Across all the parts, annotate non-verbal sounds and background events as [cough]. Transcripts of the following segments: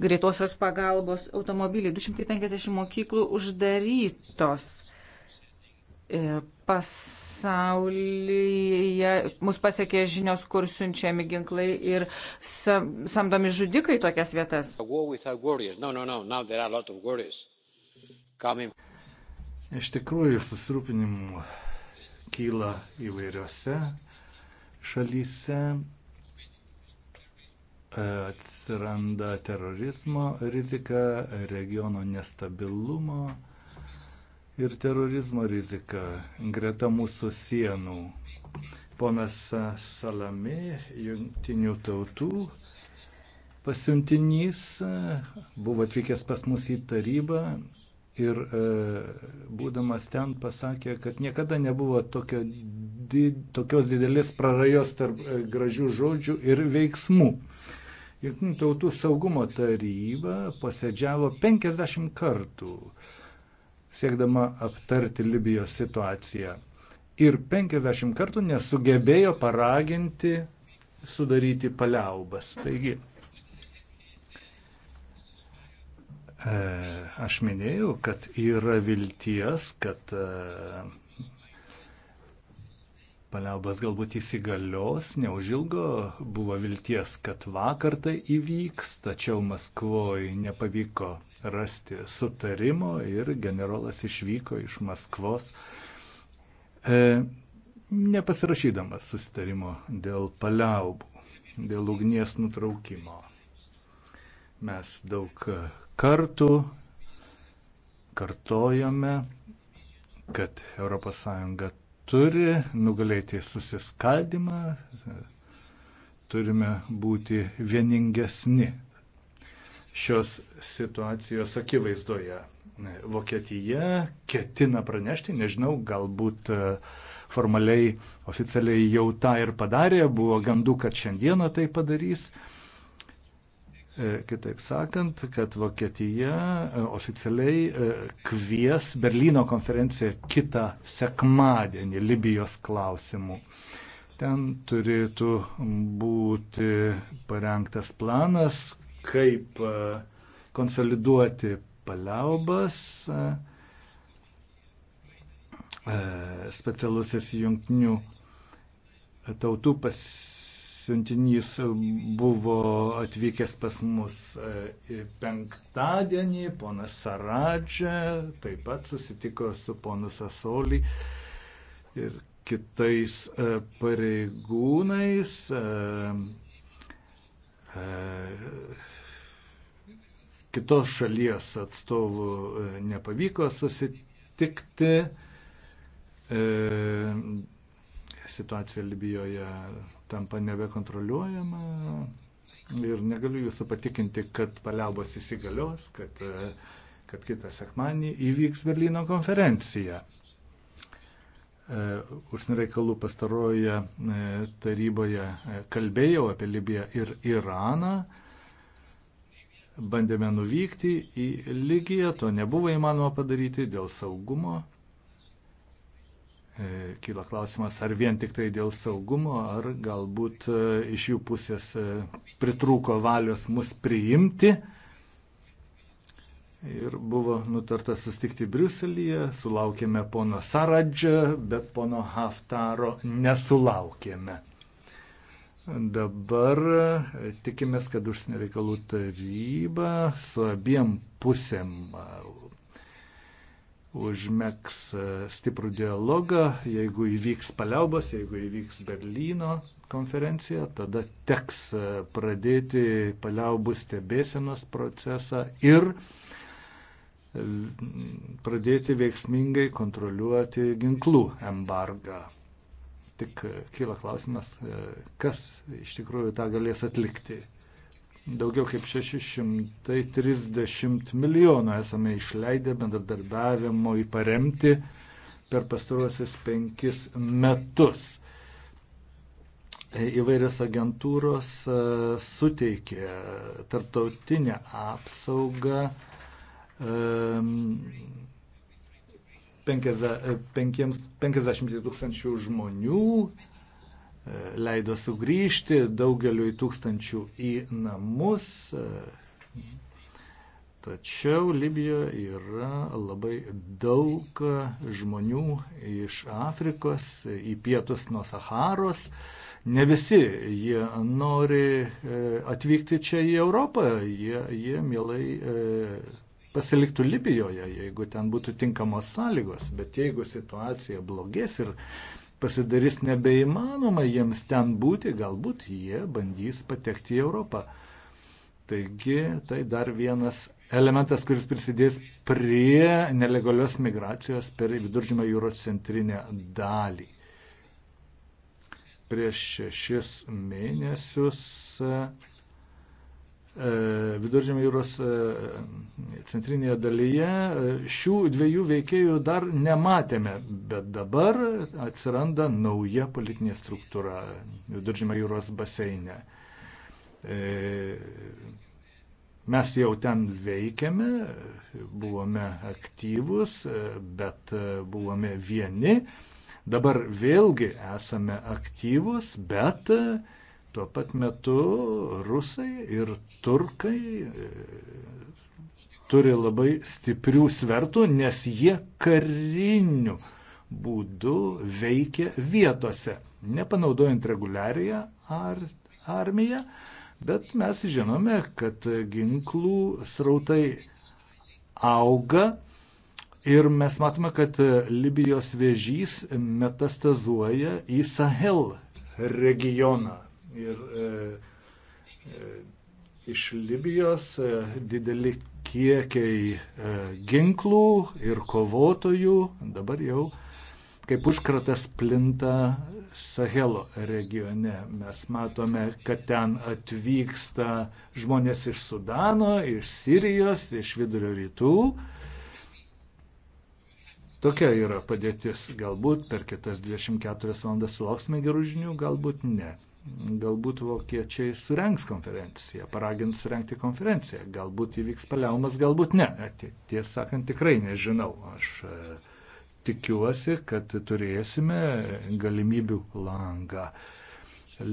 greitosios pagalbos automobiliai. 250 mokyklų uždarytos e, pasaulyje mus pasiekė žinios, kur siunčiami ginklai ir samdomi žudikai tokias vietas. Iš tikrųjų, susirūpinimų kyla įvairiose šalyse atsiranda terorizmo rizika, regiono nestabilumo ir terorizmo rizika greta mūsų sienų. Ponas Salami, jungtinių tautų pasiuntinys, buvo atvykęs pas mus į tarybą ir e, būdamas ten pasakė, kad niekada nebuvo tokio, di, tokios didelės prarajos tarp e, gražių žodžių ir veiksmų. Jungtinių tautų saugumo taryba posėdžiavo 50 kartų, siekdama aptarti Libijos situaciją. Ir 50 kartų nesugebėjo paraginti sudaryti paliaubas. Taigi, e, aš minėjau, kad yra vilties, kad e, paliaubas galbūt įsigalios, neužilgo buvo vilties, kad vakar tai įvyks, tačiau Maskvoje nepavyko rasti sutarimo ir generolas išvyko iš Maskvos, e, nepasirašydamas sutarimo dėl paliaubų, dėl ugnies nutraukimo. Mes daug kartų kartojame, kad ES turi nugalėti susiskaldimą, turime būti vieningesni šios situacijos akivaizdoje. Vokietija ketina pranešti, nežinau, galbūt e, formaliai, oficialiai jau tą ir padarė, buvo gandų, kad šiandieną tai padarys. E, kitaip sakant, kad Vokietija e, oficialiai e, kvies Berlyno konferenciją kitą sekmadienį Libijos klausimų. Ten turėtų būti parengtas planas, kaip konsoliduoti paliaubas. Specialusis jungtinių tautų pas siuntinys buvo atvykęs pas mus e, penktadienį, ponas Saradžė taip pat susitiko su ponu Sasoli ir kitais e, pareigūnais. E, kitos šalies atstovų nepavyko susitikti situacija Libijoje tampa nebekontroliuojama ir negaliu jūsų patikinti, kad paliaubos įsigalios, kad, kad kitą sekmanį įvyks Berlyno konferencija. E, užsienio reikalų pastaroje e, taryboje e, kalbėjau apie Libiją ir Iraną bandėme nuvykti į Ligiją, to nebuvo įmanoma padaryti dėl saugumo E, kyla klausimas, ar vien tik tai dėl saugumo, ar galbūt e, iš jų pusės e, pritrūko valios mus priimti. Ir buvo nutarta sustikti Briuselyje, sulaukėme pono Saradžio, bet pono Haftaro nesulaukėme. Dabar tikimės, kad užsienio reikalų taryba su abiem pusėm užmėgs e, stiprų dialogą, jeigu įvyks paliaubas, jeigu įvyks Berlyno konferencija, tada teks e, pradėti paliaubų stebėsenos procesą ir e, pradėti veiksmingai kontroliuoti ginklų embargą. Tik kyla klausimas, kas iš tikrųjų tą galės atlikti. Daugiau kaip 630 milijonų esame išleidę bendradarbiavimo įparemti per pastaruosius penkis metus. Įvairios agentūros e, suteikė tarptautinę apsaugą 50, e, 50 e, tūkstančių žmonių E, leido sugrįžti daugeliu tūkstančių į namus. E, tačiau Libijoje yra labai daug žmonių iš Afrikos į pietus nuo Saharos. Ne visi jie nori e, atvykti čia į Europą, jie, jie mielai pasiliktų Libijoje, jeigu ten būtų tinkamos sąlygos, bet jeigu situacija blogės ir pasidarys nebeįmanoma jiems ten būti, galbūt jie bandys patekti į Europą. Taigi tai dar vienas elementas, kuris prisidės prie nelegalios migracijos per viduržymą jūros centrinę dalį. Prieš šešis mėnesius E, viduržėmio jūros e, centrinėje dalyje e, šių dviejų veikėjų dar nematėme, bet dabar atsiranda nauja politinė struktūra Viduržėmio jūros baseine. Mes jau ten veikiame, buvome aktyvus, bet buvome vieni. Dabar vėlgi esame aktyvus, bet uh, Tuo pat metu rusai ir turkai e, turi labai stiprių svertų, nes jie kariniu būdu veikia vietose, nepanaudojant reguliariją ar, armiją, bet mes žinome, kad ginklų srautai auga ir mes matome, kad Libijos vėžys metastazuoja į Sahel regioną ir e, e, iš Libijos e, dideli kiekiai e, ginklų ir kovotojų dabar jau kaip užkratas plinta Sahelo regione. Mes matome, kad ten atvyksta žmonės iš Sudano, iš Sirijos, iš vidurio rytų. Tokia yra padėtis. Galbūt per kitas 24 valandas sulauksime gerų žinių, galbūt ne. Galbūt vokiečiai surenks konferenciją, paragins surenkti konferenciją. Galbūt įvyks paliaumas, galbūt ne. E, tiesą sakant, tikrai nežinau. Aš e, tikiuosi, kad turėsime galimybių langą.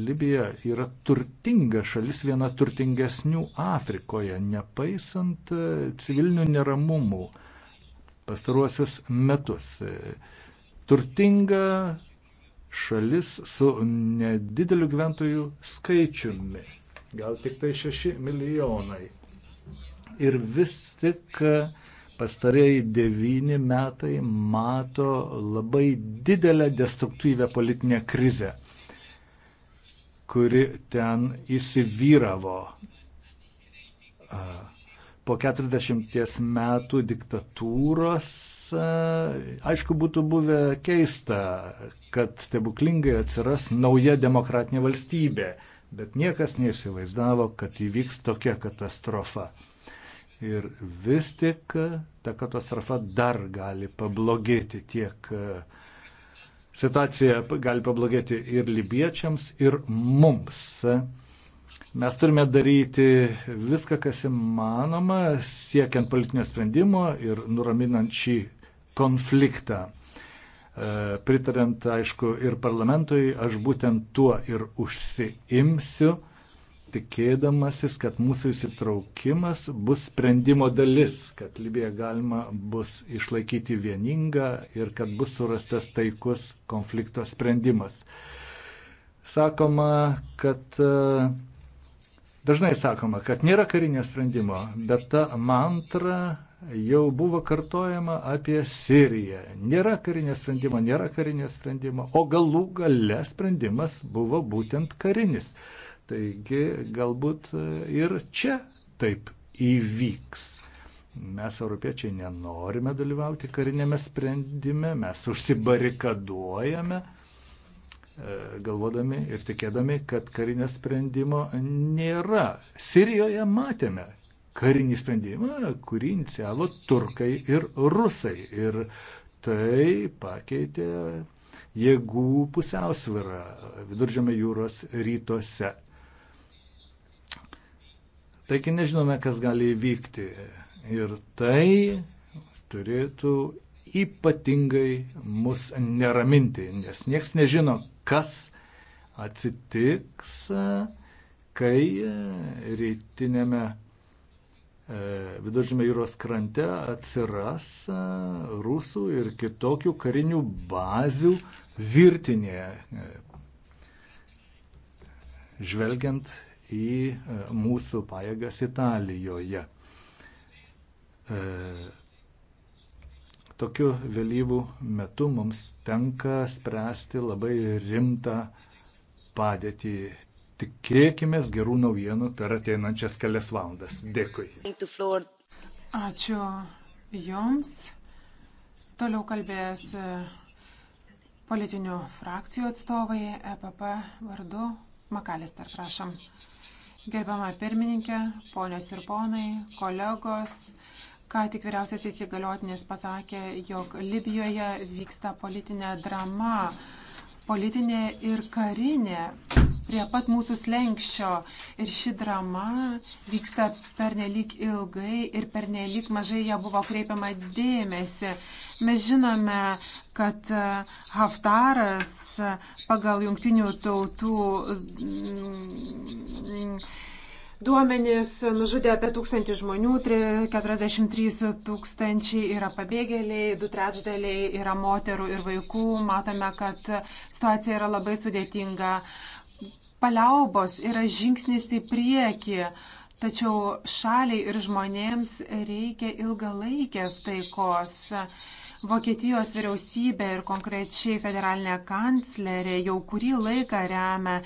Libija yra turtinga šalis, viena turtingesnių Afrikoje, nepaisant e, civilinių neramumų pastaruosius metus. Turtinga šalis su nedideliu gyventojų skaičiumi, gal tik tai 6 milijonai. Ir vis tik pastarėjai devyni metai mato labai didelę destruktyvę politinę krizę, kuri ten įsivyravo. Po 40 metų diktatūros E, aišku, būtų buvę keista, kad stebuklingai atsiras nauja demokratinė valstybė, bet niekas neįsivaizdavo, kad įvyks tokia katastrofa. Ir vis tik ta katastrofa dar gali pablogėti tiek. E, situacija gali pablogėti ir libiečiams, ir mums. Mes turime daryti viską, kas įmanoma, siekiant politinio sprendimo ir nuraminant šį konfliktą. E, Pritarant, aišku, ir parlamentui, aš būtent tuo ir užsiimsiu, tikėdamasis, kad mūsų įsitraukimas bus sprendimo dalis, kad Libiją galima bus išlaikyti vieningą ir kad bus surastas taikus konflikto sprendimas. Sakoma, kad e, Dažnai sakoma, kad nėra karinio sprendimo, bet ta mantra jau buvo kartojama apie Siriją. Nėra karinio sprendimo, nėra karinio sprendimo, o galų gale sprendimas buvo būtent karinis. Taigi galbūt ir čia taip įvyks. Mes, europiečiai, nenorime dalyvauti karinėme sprendime, mes užsibarikaduojame, e, galvodami ir tikėdami, kad karinio sprendimo nėra. Sirijoje matėme, karinį sprendimą, kurį inicijavo turkai ir rusai. Ir tai pakeitė jėgų pusiausvyrą viduržėme jūros rytuose. Taigi nežinome, kas gali įvykti. Ir tai turėtų ypatingai mus neraminti, nes nieks nežino, kas atsitiks, kai rytinėme E, Viduržymė jūros krante atsiras e, rusų ir kitokių karinių bazių virtinė, e, žvelgiant į mūsų pajėgas Italijoje. Tokiu vėlyvų metu mums tenka spręsti labai rimtą padėtį Tikėkime gerų naujienų per ateinančias kelias valandas. Dėkui. Ačiū Jums. Toliau kalbės e, politinių frakcijų atstovai EPP vardu Makalister, prašom. Gerbiama pirmininkė, ponios ir ponai, kolegos, ką tik vyriausias įsigaliotinis pasakė, jog Libijoje vyksta politinė drama, politinė ir karinė prie pat mūsų slengščio. Ir ši drama vyksta pernelyg ilgai ir pernelyg mažai ją buvo kreipiama dėmesį. Mes žinome, kad e, Haftaras e, pagal jungtinių tautų mm, duomenys nužudė apie tūkstantį žmonių, 43 tūkstančiai yra pabėgėliai, du trečdaliai yra moterų ir vaikų. Matome, kad situacija yra labai sudėtinga. Uh, paliaubos yra žingsnis į priekį, tačiau šaliai ir žmonėms reikia ilgalaikės taikos. Vokietijos vyriausybė ir konkrečiai federalinė kanclerė jau kurį laiką remia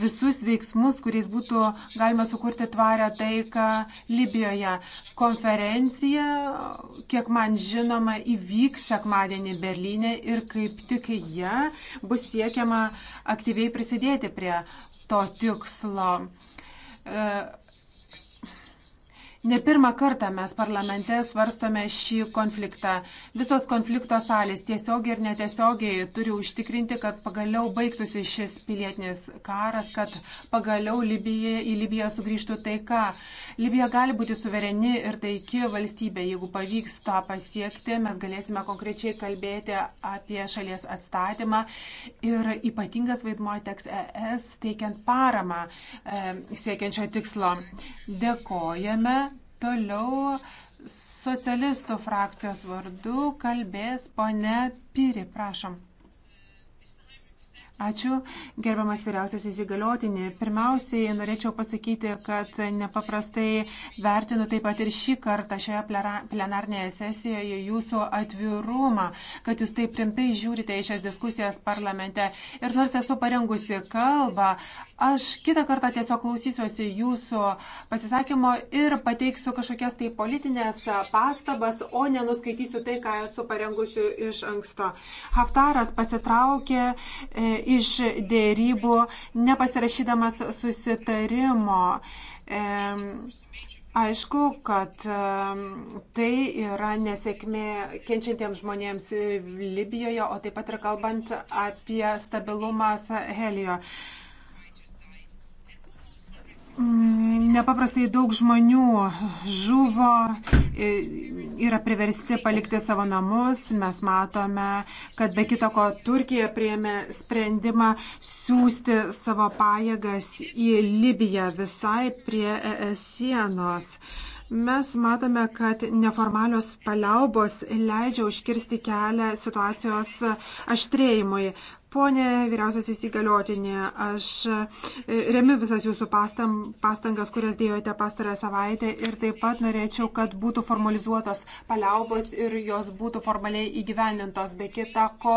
visus veiksmus, kuriais būtų galima sukurti tvarę taiką Libijoje. Konferencija, kiek man žinoma, įvyks sekmadienį Berlyne ir kaip tik ją bus siekiama aktyviai prisidėti prie to tikslo. E, Ne pirmą kartą mes parlamente svarstome šį konfliktą. Visos konflikto salės tiesiogiai ir netiesiogiai turi užtikrinti, kad pagaliau baigtųsi šis pilietinis karas, kad pagaliau Libija, į Libiją sugrįžtų taika. Libija gali būti suvereni ir taiki valstybė. Jeigu pavyks tą pasiekti, mes galėsime konkrečiai kalbėti apie šalies atstatymą ir ypatingas vaidmuo teks ES teikiant paramą e, siekiančio tikslo. Dėkojame. Toliau socialistų frakcijos vardu kalbės pone Pyri, prašom. Ačiū, gerbiamas vyriausias įsigaliotinį. Pirmiausiai norėčiau pasakyti, kad nepaprastai vertinu taip pat ir šį kartą šioje plenarnėje sesijoje jūsų atvirumą, kad jūs taip rimtai žiūrite į šias diskusijas parlamente. Ir nors esu parengusi kalbą, Aš kitą kartą tiesiog klausysiuosi jūsų pasisakymo ir pateiksiu kažkokias tai politinės pastabas, o nenuskaitysiu tai, ką esu parengusi iš anksto. Haftaras pasitraukė e, iš dėrybų, nepasirašydamas susitarimo. E, aišku, kad e, tai yra nesėkmė kenčiantiems žmonėms Libijoje, o taip pat ir kalbant apie stabilumą Sahelijoje. Mm, nepaprastai daug žmonių žuvo, e, yra priversti palikti savo namus. Mes matome, kad be kita ko Turkija prieėmė sprendimą siūsti savo pajėgas į Libiją visai prie ES sienos. Mes matome, kad neformalios paliaubos leidžia užkirsti kelią situacijos aštrėjimui. Pone vyriausiasis įgaliotinė, aš e, remiu visas jūsų pastangas, kurias dėjote pastarąją savaitę ir taip pat norėčiau, kad būtų formalizuotos paliaubos ir jos būtų formaliai įgyvendintos, be kita ko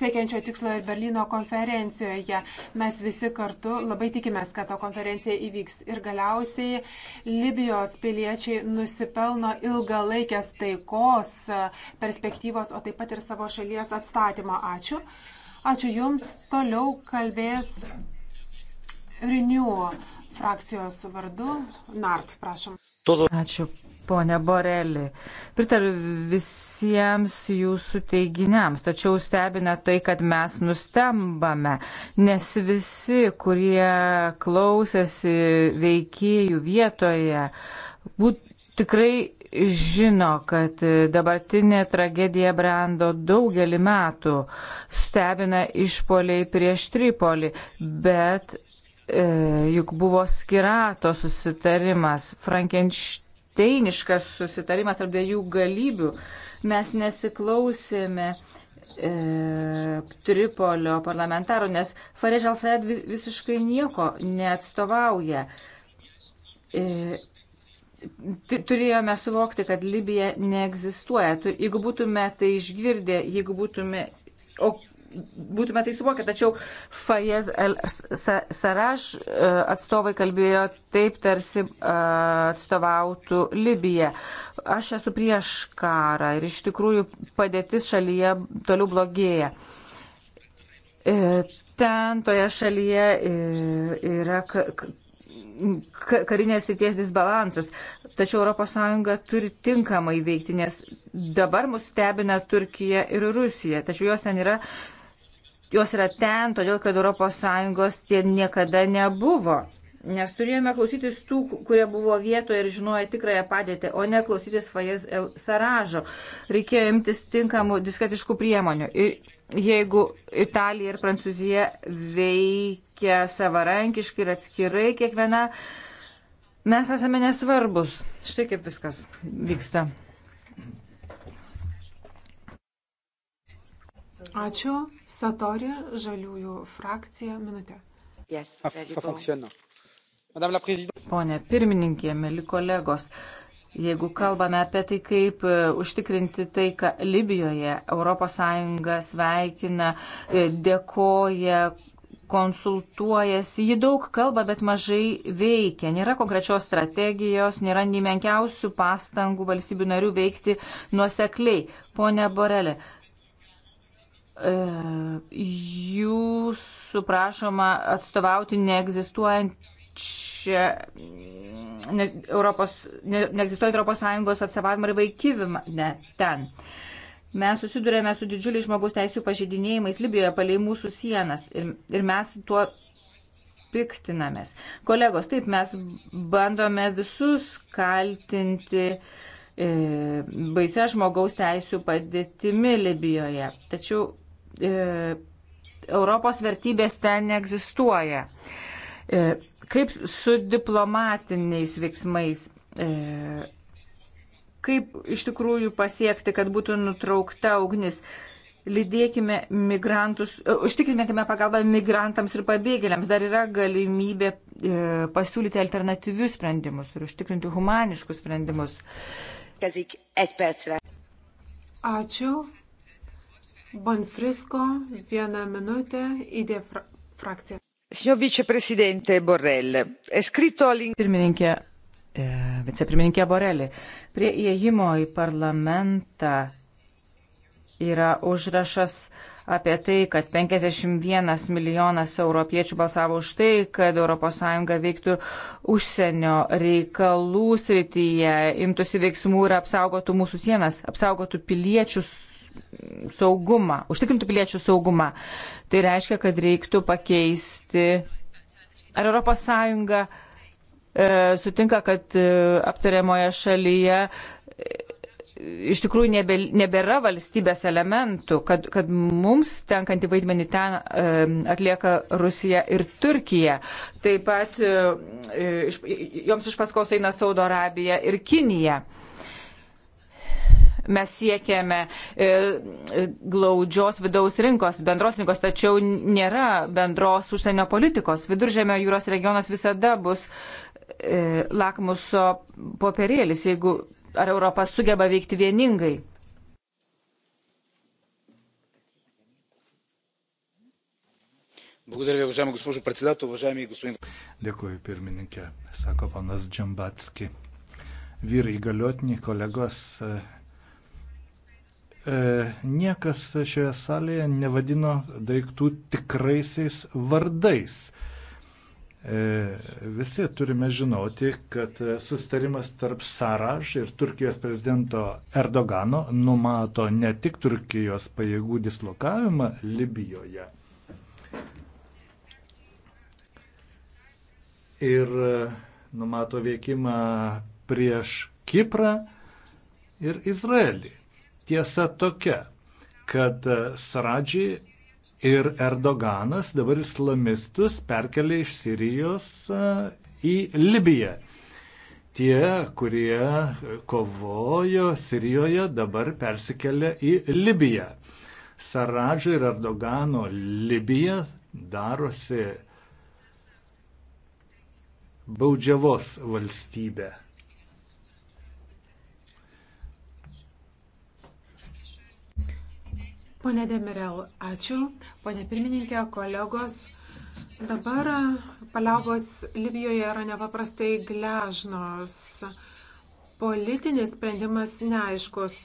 siekiančio tikslo ir Berlyno konferencijoje. Mes visi kartu labai tikimės, kad ta konferencija įvyks. Ir galiausiai Libijos piliečiai nusipelno ilgalaikės taikos perspektyvos, o taip pat ir savo šalies atstatymo. Ačiū. Ačiū Jums. Toliau kalbės Renew frakcijos vardu. Nart, prašom. Ačiū, ponė Borelį. Pritariu visiems jūsų teiginiams, tačiau stebina tai, kad mes nustembame, nes visi, kurie klausėsi veikėjų vietoje, būt, tikrai žino, kad dabartinė tragedija brendo daugelį metų, stebina išpoliai prieš Tripolį, bet e, juk buvo skirato susitarimas, frankensteiniškas susitarimas tarp dviejų galybių. Mes nesiklausėme e, Tripolio parlamentarų, nes Farežal Saed visiškai nieko neatstovauja. E, turėjome suvokti, kad Libija neegzistuoja. Jeigu būtume tai išgirdę, jeigu būtume, o būtume tai suvokę, tačiau Fayez Saraž e, atstovai kalbėjo taip, tarsi e, atstovautų Libiją. Aš esu prieš karą ir iš tikrųjų padėtis šalyje toliau blogėja. E, ten toje šalyje yra karinės ryties disbalansas. Tačiau ES turi tinkamai veikti, nes dabar mus stebina Turkija ir Rusija. Tačiau jos ten yra, jos yra ten, todėl kad ES ten niekada nebuvo. Nes turėjome klausytis tų, kurie buvo vietoje ir žinojo tikrąją padėtį, o ne klausytis Fajes El Saražo. Reikėjo imtis tinkamų diskatiškų priemonių. Ir jeigu Italija ir Prancūzija veikia savarankiškai ir atskirai kiekviena, mes esame nesvarbus. Štai kaip viskas vyksta. Ačiū. Satori, žaliųjų frakcija, minutė. Yes, Madame la Présidente. Pone pirmininkė, mėly kolegos, Jeigu kalbame apie tai, kaip e, užtikrinti taiką Libijoje, ES sveikina, e, dėkoja, konsultuojasi, ji daug kalba, bet mažai veikia. Nėra konkrečios strategijos, nėra nei menkiausių pastangų valstybių narių veikti nuosekliai. Pone Borelė, e, jūsų prašoma atstovauti neegzistuojant čia mm, ne, Europos, ne, neegzistuoja Europos Sąjungos atstovavimą ir vaikyvimą ne, ten. Mes susidurėme su didžiuliais žmogaus teisų pažeidinėjimais Libijoje palei mūsų sienas ir, ir mes tuo piktinamės. Kolegos, taip mes bandome visus kaltinti e, baise žmogaus teisų padėtimi Libijoje. Tačiau e, Europos vertybės ten neegzistuoja. E, Kaip su diplomatiniais veiksmais? E, kaip iš tikrųjų pasiekti, kad būtų nutraukta ugnis? Lydėkime migrantus, e, užtikrinkime pagalbą migrantams ir pabėgėliams. Dar yra galimybė e, pasiūlyti alternatyvius sprendimus ir užtikrinti humaniškus sprendimus. Ačiū. Bonfrisko, vieną minutę, įdė frakciją. Pirmininkė, e, vicepirmininkė Borelė, prie įėjimo į parlamentą yra užrašas apie tai, kad 51 milijonas europiečių balsavo už tai, kad ES veiktų užsienio reikalų srityje, imtųsi veiksmų ir apsaugotų mūsų sienas, apsaugotų piliečius saugumą, užtikrintų piliečių saugumą. Tai reiškia, kad reiktų pakeisti. Ar ES e, sutinka, kad e, aptariamoje šalyje e, iš tikrųjų nebe, nebėra valstybės elementų, kad, kad mums tenkantį vaidmenį ten e, atlieka Rusija ir Turkija. Taip pat e, e iš, joms iš paskos eina Saudo Arabija ir Kinija. E, Mes siekėme e, e, glaudžios vidaus rinkos, bendros rinkos, tačiau nėra bendros užsienio politikos. Viduržėmio jūros regionas visada bus e, lakmuso popierėlis, jeigu ar Europa sugeba veikti vieningai. Благодаря ви, уважаема госпожо председател, уважаеми господин. Дякую, пирмininkė, sako panas Džambatski. Vyrai įgaliotiniai kolegos E, niekas šioje salėje nevadino daiktų tikraisiais vardais. E, visi turime žinoti, kad sustarimas tarp Saraž ir Turkijos prezidento Erdogano numato ne tik Turkijos pajėgų dislokavimą Libijoje. Ir e, numato veikimą prieš Kiprą ir Izraelį. Tiesa tokia, kad e, Saradži ir Erdoganas dabar islamistus perkelia iš Sirijos e, į Libiją. Tie, kurie kovojo Sirijoje, dabar persikelia į Libiją. Saradžio ir Erdogano Libija darosi baudžiavos valstybė. Pone Demirel, ačiū. Pone pirmininkė, kolegos. Dabar paliaubos Libijoje yra nepaprastai gležnos. Politinis sprendimas neaiškus.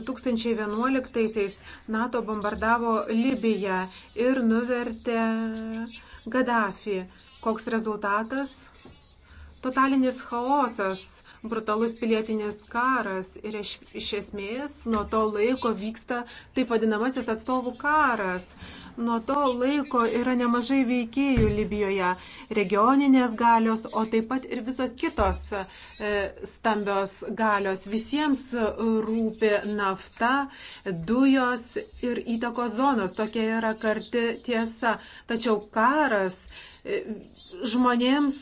2011-aisiais NATO bombardavo Libiją ir nuvertė Gaddafi. Koks rezultatas? Totalinis chaosas brutalus pilietinės karas ir iš, iš esmės nuo to laiko vyksta taip vadinamasis atstovų karas. Nuo to laiko yra nemažai veikėjų Libijoje, regioninės galios, o taip pat ir visos kitos e, stambios galios. Visiems rūpi nafta, dujos ir įtakos zonos. Tokia yra karti tiesa. Tačiau karas. E, žmonėms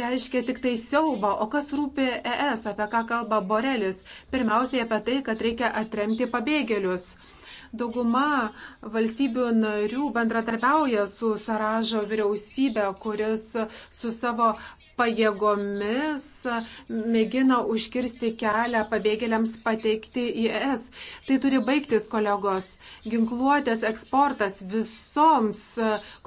reiškia tik tai siaubą. O kas rūpi ES, apie ką kalba Borelis? Pirmiausiai apie tai, kad reikia atremti pabėgėlius. Dauguma valstybių narių bendratarpiauja su Saražo vyriausybė, kuris su savo pajėgomis mėgina užkirsti kelią pabėgėliams pateikti į ES. Tai turi baigtis, kolegos. Ginkluotės eksportas visoms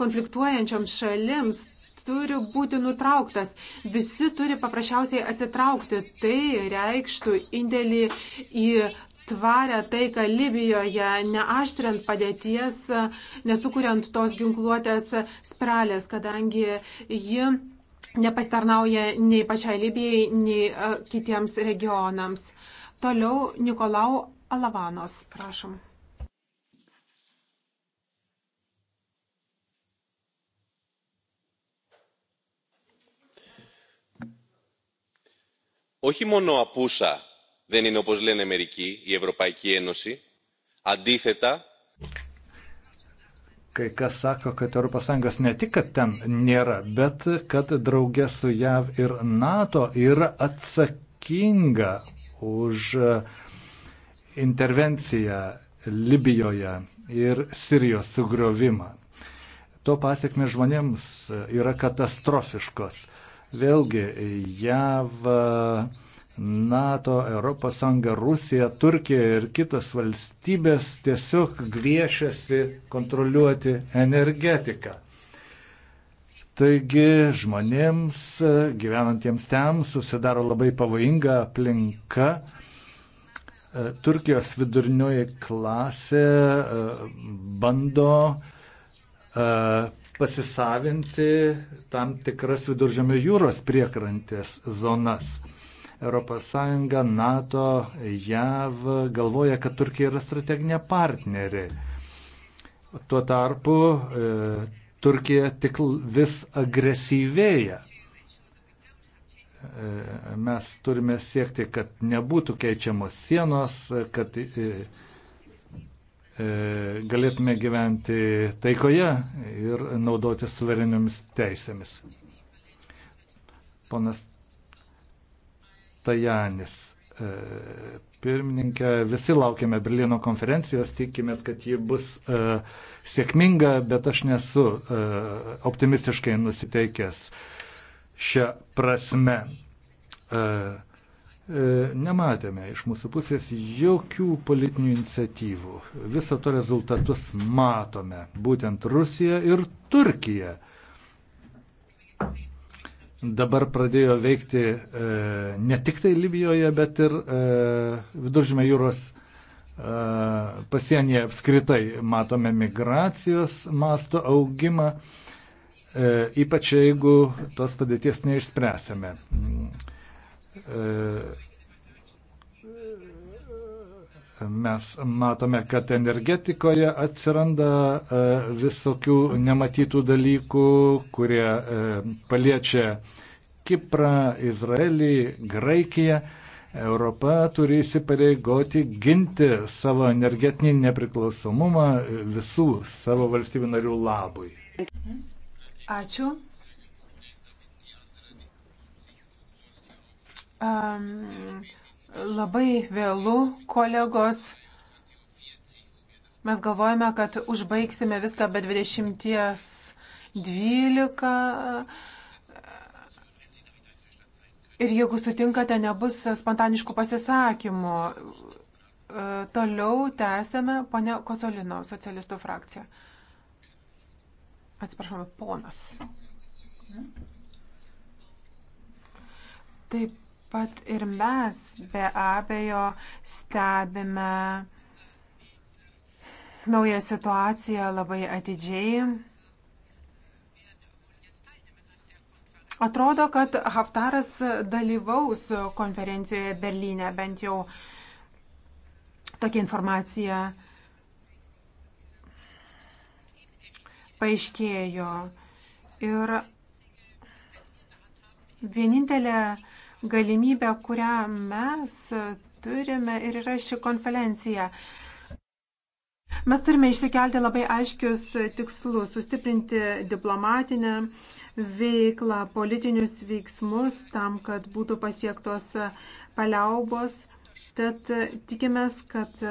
konfliktuojančioms šalims turi būti nutrauktas. Visi turi paprasčiausiai atsitraukti. Tai reikštų indėlį į tvarę taiką Libijoje, neaštrint padėties, nesukuriant tos ginkluotės spralės, kadangi ji nepastarnauja nei pačiai Libijai, nei e, kitiems regionams. Toliau Nikolau Alavanos, prašom. όχι μόνο απούσα δεν είναι όπως λένε μερικοί η Ευρωπαϊκή Ένωση. Αντίθετα. Kai kas sako, kad ES ne tik, kad ten nėra, bet kad draugė su JAV ir NATO yra atsakinga už e, intervenciją Libijoje ir Sirijos sugriovimą. To pasiekmes žmonėms e, yra katastrofiškos. Vėlgi, JAV, NATO, ES, Rusija, Turkija ir kitos valstybės tiesiog griešiasi kontroliuoti energetiką. Taigi žmonėms gyvenantiems ten susidaro labai pavojinga aplinka. Turkijos vidurnioji klasė e, bando e, pasisavinti tam tikras viduržėmio jūros priekrantės zonas. ES, NATO, JAV galvoja, kad Turkija yra strateginė partnerė. Tuo tarpu e, Turkija tik vis agresyvėja e, mes turime siekti, kad nebūtų keičiamos sienos, kad e, E, galėtume gyventi taikoje ir naudotis suvereniomis teisėmis. Ponas Tajanis, e, pirmininkė, visi laukiame Berlyno konferencijos, tikimės, kad ji bus e, sėkminga, bet aš nesu optimistiškai nusiteikęs šią prasme. Uh, E, nematėme iš mūsų pusės jokių politinių iniciatyvų. Viso to rezultatus matome. Būtent Rusija ir Turkija dabar pradėjo veikti e, ne tik tai Libijoje, bet ir e, viduržymė jūros e, pasienyje apskritai. Matome migracijos masto augimą, e, ypač jeigu tos padėties neišspręsime. E, E, mes matome, kad energetikoje atsiranda e, visokių nematytų dalykų, kurie e, paliečia Kiprą, Izraelį, Graikiją. Europa turi įsipareigoti ginti savo energetinį nepriklausomumą visų savo valstybių narių labui. Ačiū. Um, labai vėlų, kolegos. Mes galvojame, kad užbaigsime viską be 20.12. Ir jeigu sutinkate, nebus spontaniškų pasisakymų. E, toliau tęsėme ponia Kocolino, socialistų frakcija. Atsiprašome, ponas. Taip, pat ir mes be abejo stebime naują situaciją labai atidžiai. Atrodo, kad Haftaras dalyvaus konferencijoje Berlyne, bent jau tokia informacija paaiškėjo. Ir vienintelė galimybė, kurią mes turime ir yra ši konferencija. Mes turime išsikelti labai aiškius tikslus, sustiprinti diplomatinę veiklą, politinius veiksmus tam, kad būtų pasiektos paliaubos. Tad tikimės, kad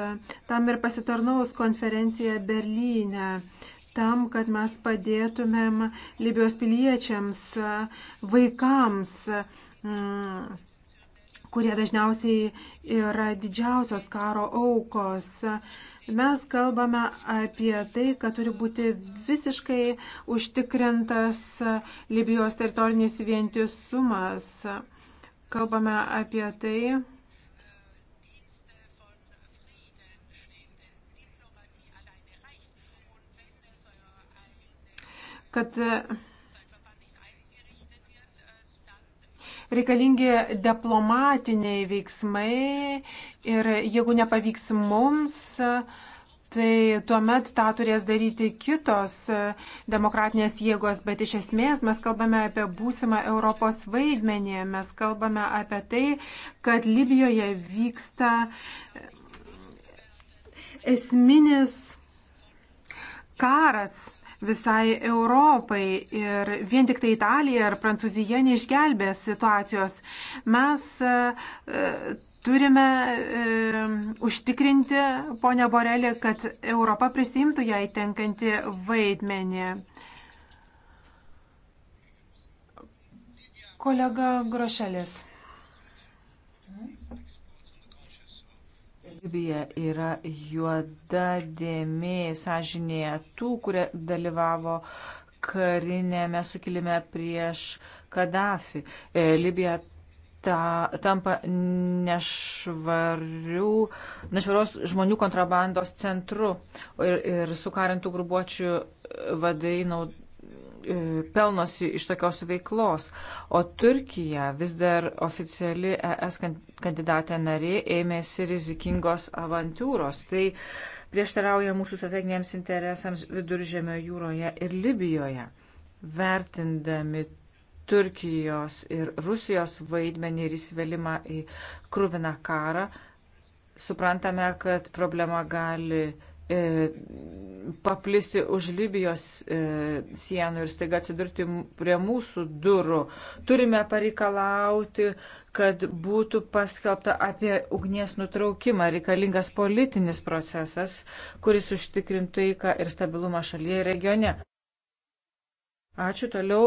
tam ir pasitarnaus konferencija Berlyne tam, kad mes padėtumėm Libijos piliečiams, vaikams, kurie dažniausiai yra didžiausios karo aukos. Mes kalbame apie tai, kad turi būti visiškai užtikrintas Libijos teritorinis vientisumas. Kalbame apie tai, kad reikalingi diplomatiniai veiksmai ir jeigu nepavyks mums, tai tuomet tą turės daryti kitos demokratinės jėgos, bet iš esmės mes kalbame apie būsimą Europos vaidmenį, mes kalbame apie tai, kad Libijoje vyksta esminis karas visai Europai ir vien tik tai Italija ar Prancūzija neišgelbės situacijos. Mes e, turime e, užtikrinti, ponia Borelė, kad Europa prisimtų jai tenkantį vaidmenį. Kolega Grošelis. Libija yra juoda dėmė sąžinėje tų, kurie dalyvavo karinėme sukilime prieš Kadafi. E, Libija ta, tampa nešvarių, nešvaros žmonių kontrabandos centru ir, ir sukarintų grubuočių vadai naud, E, pelnosi iš tokios veiklos. O Turkija vis dar oficiali ES kandidatė narė ėmėsi rizikingos avantūros. Tai prieštarauja mūsų strateginiams interesams Viduržėmio jūroje ir Libijoje. Vertindami Turkijos ir Rusijos vaidmenį ir įsivelimą į krūviną karą, suprantame, kad problema gali E, paplisti už Libijos e, sienų ir staiga atsidurti prie mūsų durų. Turime pareikalauti, kad būtų paskelbta apie ugnies nutraukimą. Reikalingas politinis procesas, kuris užtikrintų taiką ir stabilumą šalyje ir regione. Ačiū toliau.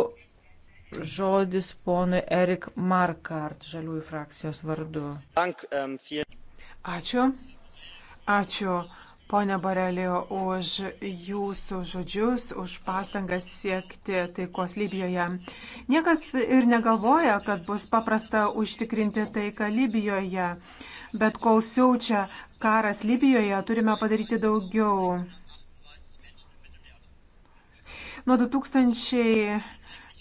Žodis ponui Erik Markart, žaliųjų frakcijos vardu. Ähm, Ačiū. Ačiū Pone Borelio, už jūsų žodžius, už pastangas siekti taikos Libijoje. Niekas ir negalvoja, kad bus paprasta užtikrinti taiką Libijoje, bet kol siaučia karas Libijoje, turime padaryti daugiau. Nuo 2000.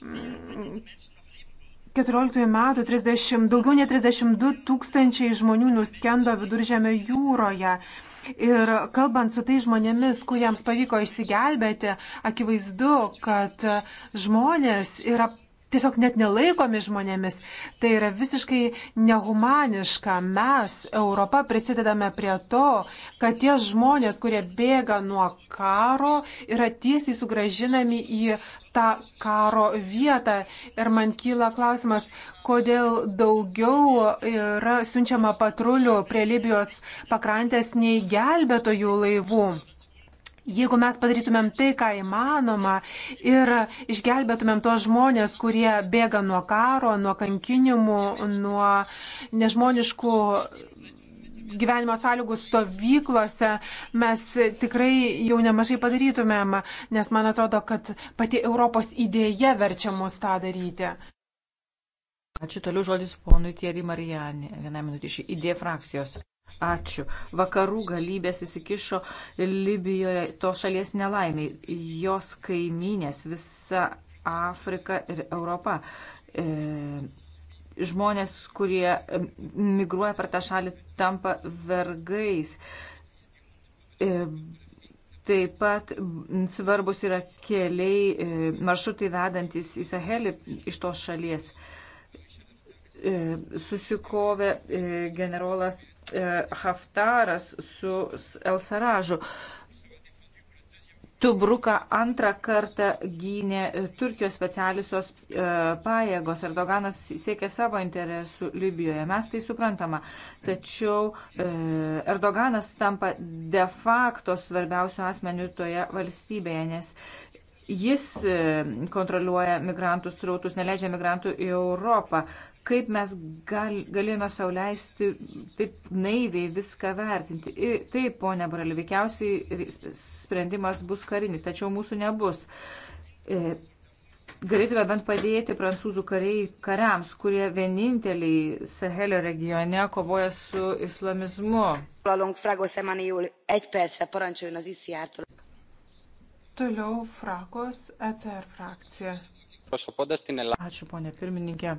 2014 metų 30, daugiau nei 32 tūkstančiai žmonių nuskendo viduržėmio jūroje. Ir kalbant su tai žmonėmis, kuriems pavyko išsigelbėti, akivaizdu, kad žmonės yra tiesiog net nelaikomi žmonėmis. Tai yra visiškai nehumaniška. Mes, Europa, prisidedame prie to, kad tie žmonės, kurie bėga nuo karo, yra tiesiai sugražinami į tą karo vietą. Ir man kyla klausimas, kodėl daugiau yra siunčiama patrulių prie Libijos pakrantės nei gelbėtojų laivų. Jeigu mes padarytumėm tai, ką įmanoma ir išgelbėtumėm tos žmonės, kurie bėga nuo karo, nuo kankinimų, nuo nežmoniškų gyvenimo sąlygų stovyklose, mes tikrai jau nemažai padarytumėm, nes man atrodo, kad pati Europos idėja verčia mus tą daryti. Ačiū toliau žodis ponui Tieri Marijani, vieną minutį iš idėja frakcijos. Ačiū. Vakarų galybės įsikišo Libijoje to šalies nelaimiai. Jos kaiminės visa Afrika ir Europa. E, žmonės, kurie e, migruoja per tą šalį, tampa vergais. E, Taip pat svarbus yra keliai, e, maršrutai vedantis į Sahelį iš tos šalies. E, susikovė generolas E, Haftaras su Elsaražu. Tubruką antrą kartą gynė Turkijos specialisos e, pajėgos. Erdoganas siekia savo interesų Libijoje. Mes tai suprantama. Tačiau e, Erdoganas tampa de facto svarbiausiu asmeniu toje valstybėje, nes jis e, kontroliuoja migrantų strautus, neleidžia migrantų į Europą kaip mes gal, galėjome sauliaisti taip naiviai viską vertinti. Ir, taip, ponia Brali, veikiausiai sprendimas bus karinis, tačiau mūsų nebus. E, galėtume bent padėti prancūzų kariai kariams, kurie vieninteliai Sahelio regione kovoja su islamizmu. Toliau frakos ECR frakcija. Ačiū, ponė pirmininkė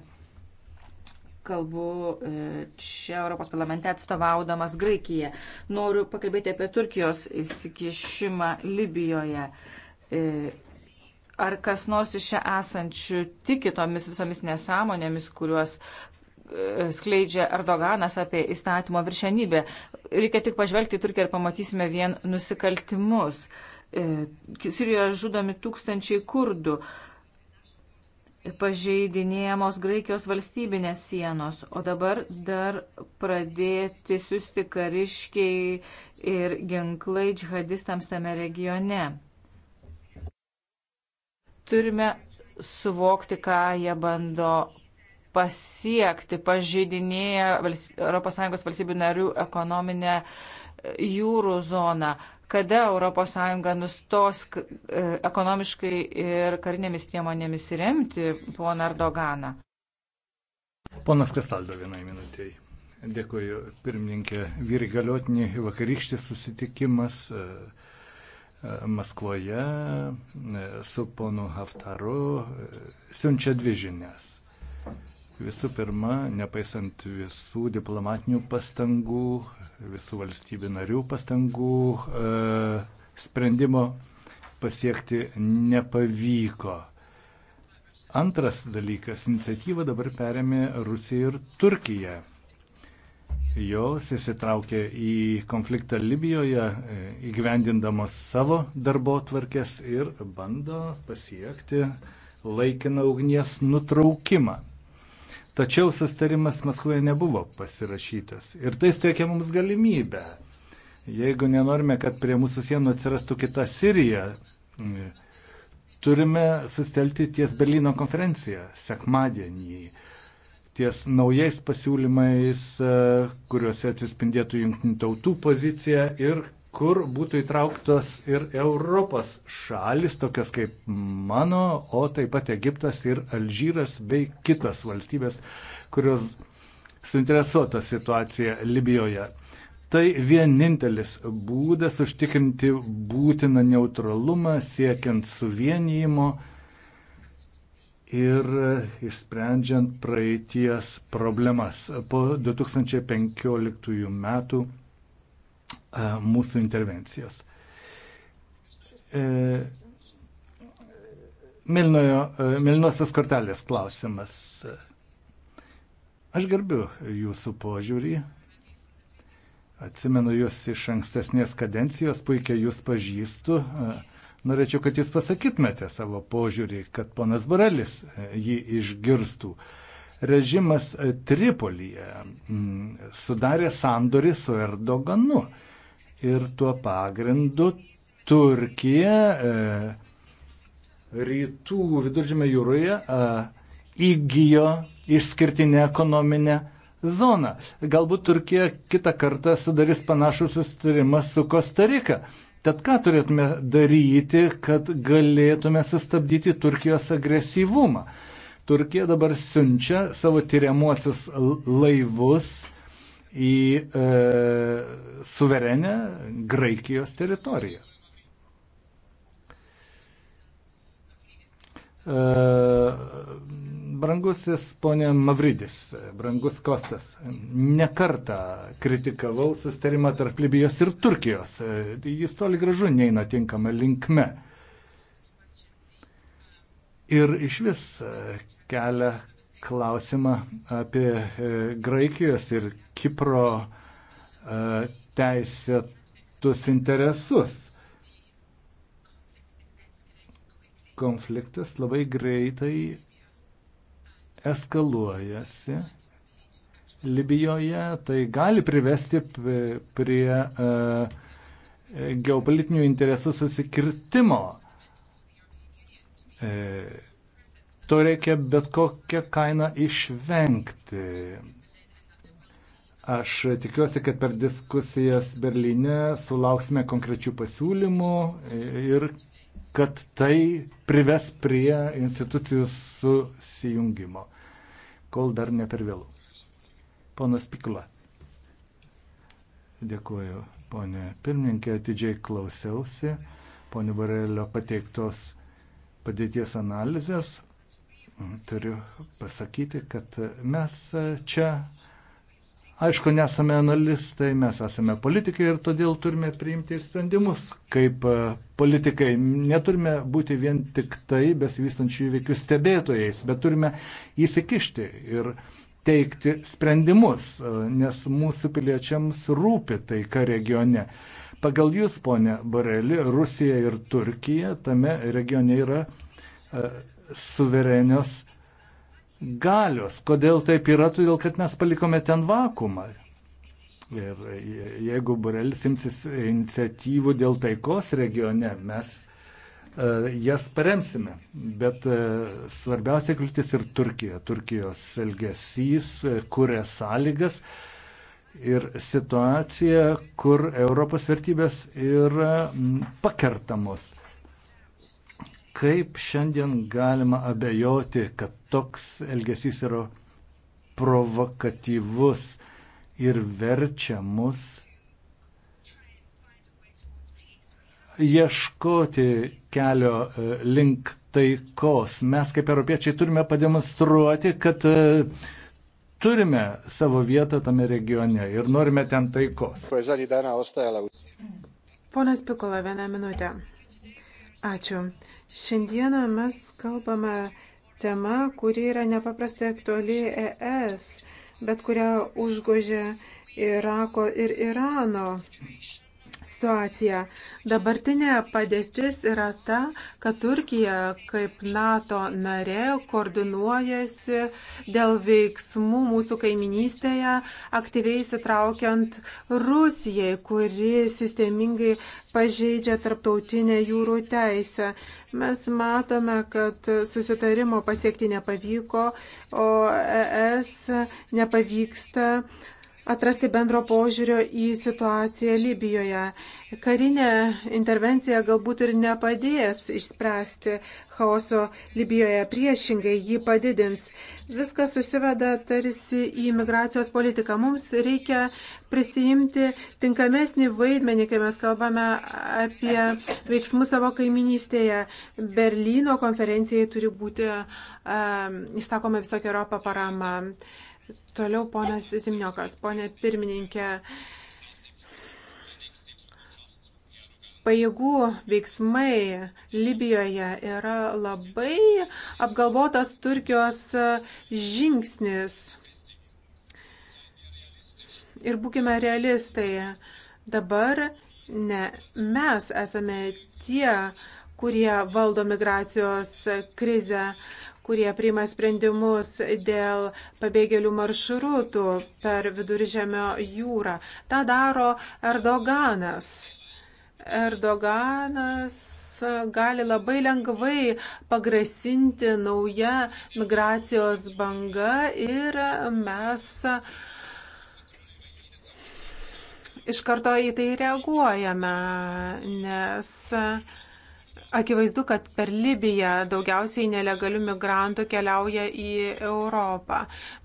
kalbu e, čia Europos parlamente atstovaudamas Graikiją. Noriu pakalbėti apie Turkijos įsikišimą Libijoje. E, ar kas nors iš čia esančių tiki tomis visomis nesąmonėmis, kuriuos e, skleidžia Erdoganas apie įstatymo viršenybę. Reikia tik pažvelgti į Turkiją ir pamatysime vien nusikaltimus. Sirijoje žudomi tūkstančiai kurdų pažeidinėjamos Graikijos valstybinės sienos, o dabar dar pradėti siūsti kariškiai ir ginklai džihadistams tame regione. Turime suvokti, ką jie bando pasiekti, pažeidinėja ES valstybių narių ekonominę e, jūrų zoną kada ES nustos e, ekonomiškai ir karinėmis priemonėmis remti poną Erdoganą? Ponas Kastaldo vienai minutėjai. Dėkuoju, pirmininkė. Vyri galiotinį vakarykštį susitikimas e, e, Maskvoje su ponu Haftaru siunčia dvi žinias. Visų pirma, nepaisant visų diplomatinių pastangų, visų valstybių narių pastangų, e, sprendimo pasiekti nepavyko. Antras dalykas - iniciatyvą dabar perėmė Rusija ir Turkija. Jos įsitraukė į konfliktą Libijoje, e, įgyvendindamos savo darbo tvarkės ir bando pasiekti laikiną ugnies nutraukimą. Tačiau sustarimas Maskvoje nebuvo pasirašytas. Ir tai suteikia mums galimybę. Jeigu nenorime, kad prie mūsų sienų atsirastų kita Sirija, turime sustelti ties Berlyno konferenciją sekmadienį, ties naujais pasiūlymais, kuriuose atsispindėtų jungtinių tautų pozicija ir kur būtų įtrauktos ir Europos šalis, tokias kaip mano, o taip pat Egiptas ir Alžyras bei kitos valstybės, kurios suinteresuota situacija Libijoje. Tai vienintelis būdas užtikrinti būtiną neutralumą siekiant suvienijimo ir išsprendžiant praeities problemas. Po 2015 metų mūsų intervencijos. E, Milnojo, e, Milnosios kortelės klausimas. Aš gerbiu jūsų požiūrį. Atsimenu jūs iš ankstesnės kadencijos, puikiai jūs pažįstu. E, norėčiau, kad jūs pasakytumėte savo požiūrį, kad ponas Borelis jį išgirstų. Uh, Režimas e, Tripolyje sudarė sandorį su Erdoganu ir tuo pagrindu Turkija e, rytų viduržėme jūroje e, įgyjo išskirtinę ekonominę zoną. Galbūt Turkija kitą kartą sudarys panašų sustarimą su Kostarika. Tad ką turėtume daryti, kad galėtume sustabdyti Turkijos agresyvumą? Turkija dabar siunčia savo tyriamuosius laivus į e, suverenę Graikijos teritoriją. E, brangusis ponė Mavridis, brangus Kostas, nekartą kritikavau sustarimą tarp Libijos ir Turkijos. E, jis toli gražu neina tinkama linkme. Ir iš vis kelia klausimą apie e, Graikijos ir Kipro e, teisėtus interesus. Konfliktas labai greitai eskaluojasi Libijoje, tai gali privesti prie e, geopolitinių interesų susikirtimo. To reikia bet kokią kainą išvengti. Aš tikiuosi, kad per diskusijas Berlyne sulauksime konkrečių pasiūlymų ir kad tai prives prie institucijų susijungimo, kol dar ne per vėlų. Ponas Pikula. Dėkuoju, ponė pirmininkė, atidžiai klausiausi ponio Varelio pateiktos padėties analizės turiu pasakyti, kad mes čia, aišku, nesame analistai, mes esame politikai ir todėl turime priimti ir sprendimus kaip politikai. Neturime būti vien tik tai besivystančių įvykių stebėtojais, bet turime įsikišti ir teikti sprendimus, nes mūsų piliečiams rūpi tai, ką regione. Pagal jūs, ponė Boreli, Rusija ir Turkija tame regione yra e, suverenios galios. Kodėl taip yra? Todėl, kad mes palikome ten vakumą. Ir jeigu Borelis imsis iniciatyvų dėl taikos regione, mes e, jas paremsime. Bet e, svarbiausia kliūtis ir Turkija. Turkijos elgesys e, kuria sąlygas ir situaciją, kur Europos vertybės yra pakertamos. Kaip šiandien galima abejoti, kad toks elgesys yra provokatyvus ir verčia mus ieškoti kelio e, link taikos. Mes kaip europiečiai turime pademonstruoti, kad e, turime savo vietą tame regione ir norime ten taikos. Ponas Pikola, vieną minutę. Ačiū. Šiandieną mes kalbame tema, kuri yra nepaprastai aktuali ES, bet kurią užgožė Irako ir Irano situacija. Dabartinė padėtis yra ta, kad Turkija kaip NATO narė koordinuojasi dėl veiksmų mūsų kaiminystėje, aktyviai įsitraukiant Rusijai, kuri sistemingai pažeidžia tarptautinę jūrų teisę. Mes matome, kad susitarimo pasiekti nepavyko, o ES nepavyksta atrasti bendro požiūrio į situaciją Libijoje. Karinė intervencija galbūt ir nepadės išspręsti chaoso Libijoje, priešingai jį padidins. Viskas susiveda tarsi į migracijos politiką. Mums reikia prisijimti tinkamesnį vaidmenį, kai mes kalbame apie veiksmus savo kaiminystėje. Berlyno konferencijai turi būti um, išsakoma visokio Europą parama. Uh, Toliau ponas Zimniokas, ponė pirmininkė. pajėgų veiksmai Libijoje yra labai apgalvotas Turkijos žingsnis. Ir būkime realistai, dabar ne mes esame tie, kurie valdo migracijos krizę, kurie priima sprendimus dėl pabėgėlių maršrutų per viduržemio jūrą. Ta daro Erdoganas. Erdoganas gali labai lengvai pagrasinti nauja migracijos banga ir mes iš karto į tai reaguojame, nes Akivaizdu, kad per Libiją daugiausiai nelegalių migrantų keliauja į Europą.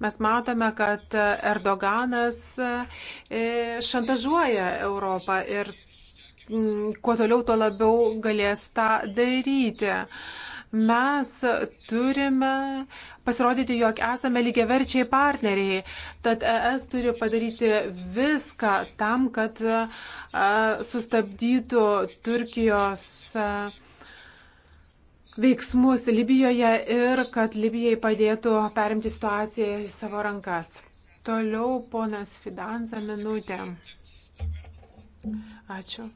Mes matome, kad Erdoganas e, šantažuoja Europą ir mm, kuo toliau, tuo labiau galės tą daryti. Mes turime pasirodyti, jog esame lygiaverčiai partneriai. Tad ES turi padaryti viską tam, kad e, sustabdytų Turkijos. A, e, veiksmus Libijoje ir kad Libijai padėtų perimti situaciją į savo rankas. Toliau ponas Fidanza minutė. Ačiū.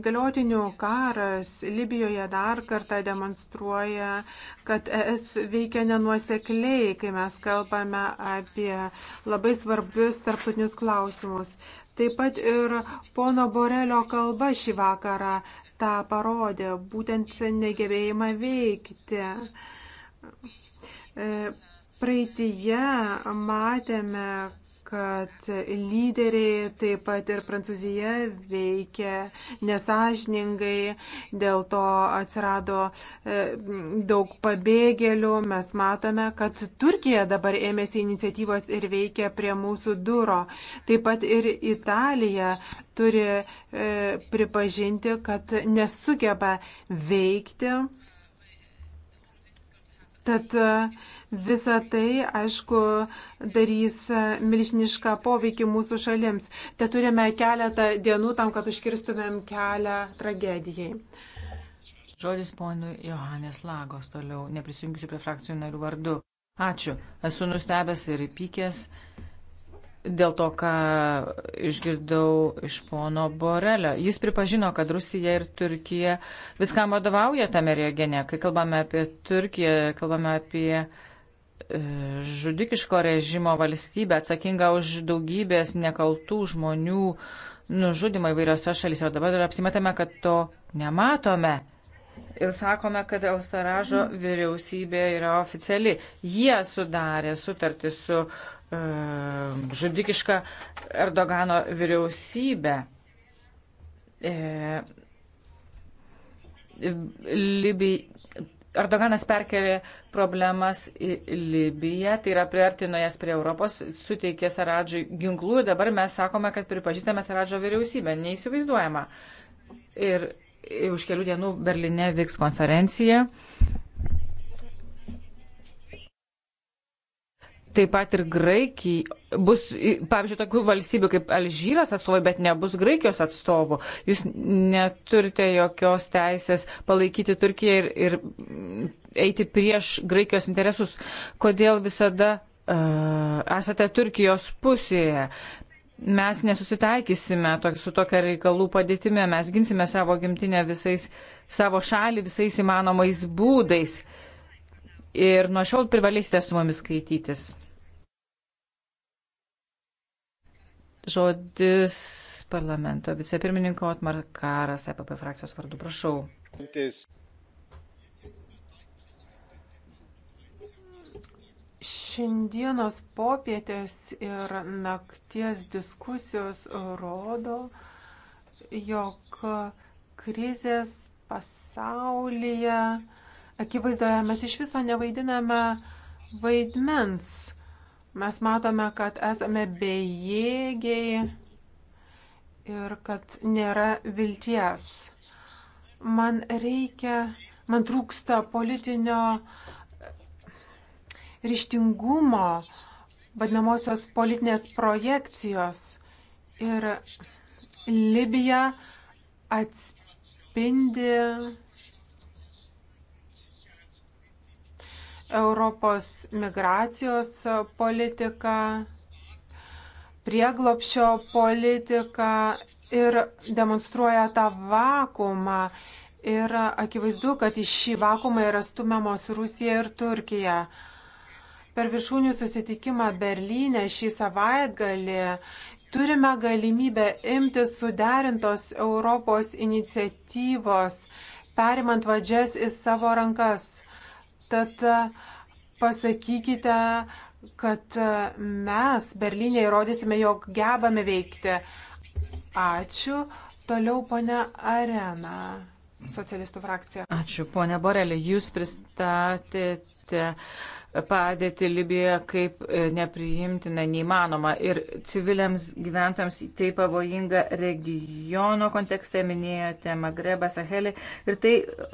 Įgaliotinių karas Libijoje dar kartą demonstruoja, kad ES veikia nenuosekliai, kai mes kalbame apie labai svarbius tarptautinius klausimus. Taip pat ir pono Borelio kalba šį vakarą tą parodė, būtent negebėjimą veikti. E, praeitįje matėme, kad lyderiai, taip pat ir Prancūzija veikia nesažningai, dėl to atsirado e, daug pabėgėlių. Mes matome, kad Turkija dabar ėmėsi iniciatyvos ir veikia prie mūsų duro. Taip pat ir Italija turi e, pripažinti, kad nesugeba veikti. Tad e, visa tai, aišku, darys milžinišką poveikį mūsų šalims. Te turime keletą dienų tam, kad užkirstumėm kelią tragedijai. Žodis ponui Johannes Lagos toliau, neprisijungiu prie frakcijų narių vardu. Ačiū, esu nustebęs ir įpykęs dėl to, ką išgirdau iš pono Borelio. Jis pripažino, kad Rusija ir Turkija viskam vadovauja tame regione. Kai kalbame apie Turkiją, kalbame apie e, žudikiško režimo valstybę, atsakingą už daugybės nekaltų žmonių nužudimą įvairiose šalyse. O dabar apsimetame, kad to nematome. Ir sakome, kad Elstaražo vyriausybė yra oficiali. Jie sudarė sutartį su uh, E, žudikišką Erdogano vyriausybę. E, Libijai. Erdoganas perkelė problemas į Libiją, tai yra priartino jas prie Europos, suteikė Saradžiui ginklų ir dabar mes sakome, kad pripažįstame Saradžio vyriausybę. Neįsivaizduojama. Ir už kelių dienų Berlinė vyks konferencija. Uh, taip pat ir Graikijai. Bus, pavyzdžiui, tokių valstybių kaip Alžyras atstovai, bet nebus Graikijos atstovų. Jūs neturite jokios teisės palaikyti Turkiją ir, ir eiti prieš Graikijos interesus. Kodėl visada uh, esate Turkijos pusėje? Mes nesusitaikysime to, su tokia reikalų padėtime, mes ginsime savo gimtinę visais, savo šalį visais įmanomais būdais. Uh, ir nuo šiol privalėsite su mumis skaitytis. Žodis parlamento vicepirmininko Otmar Karas, EPP frakcijos vardu, prašau. Šiandienos popietės ir nakties diskusijos rodo, jog krizės pasaulyje akivaizdoje mes iš viso nevaidiname vaidmens. Mes matome, kad esame bejėgiai ir kad nėra vilties. Man reikia, man trūksta politinio ryštingumo, vadinamosios politinės projekcijos. Ir Libija atspindi Europos migracijos politiką, prieglopšio politiką ir demonstruoja tą vakumą. Ir akivaizdu, kad į šį vakumą yra stumiamos Rusija ir Turkija. Per viršūnių susitikimą Berlyne šį savaitgalį turime galimybę imtis suderintos Europos iniciatyvos, perimant vadžias į savo rankas. Tad e, pasakykite, kad e, mes Berlyne įrodysime, jog gebame veikti. Ačiū. Toliau ponia Arena, socialistų frakcija. Ačiū, ponia Borelė. Jūs pristatėte vertinate padėti Libijoje kaip e, nepriimtina, neįmanoma. Ir civiliams gyventams tai pavojinga regiono kontekste, minėjote Magrebą, Sahelį. Ir tai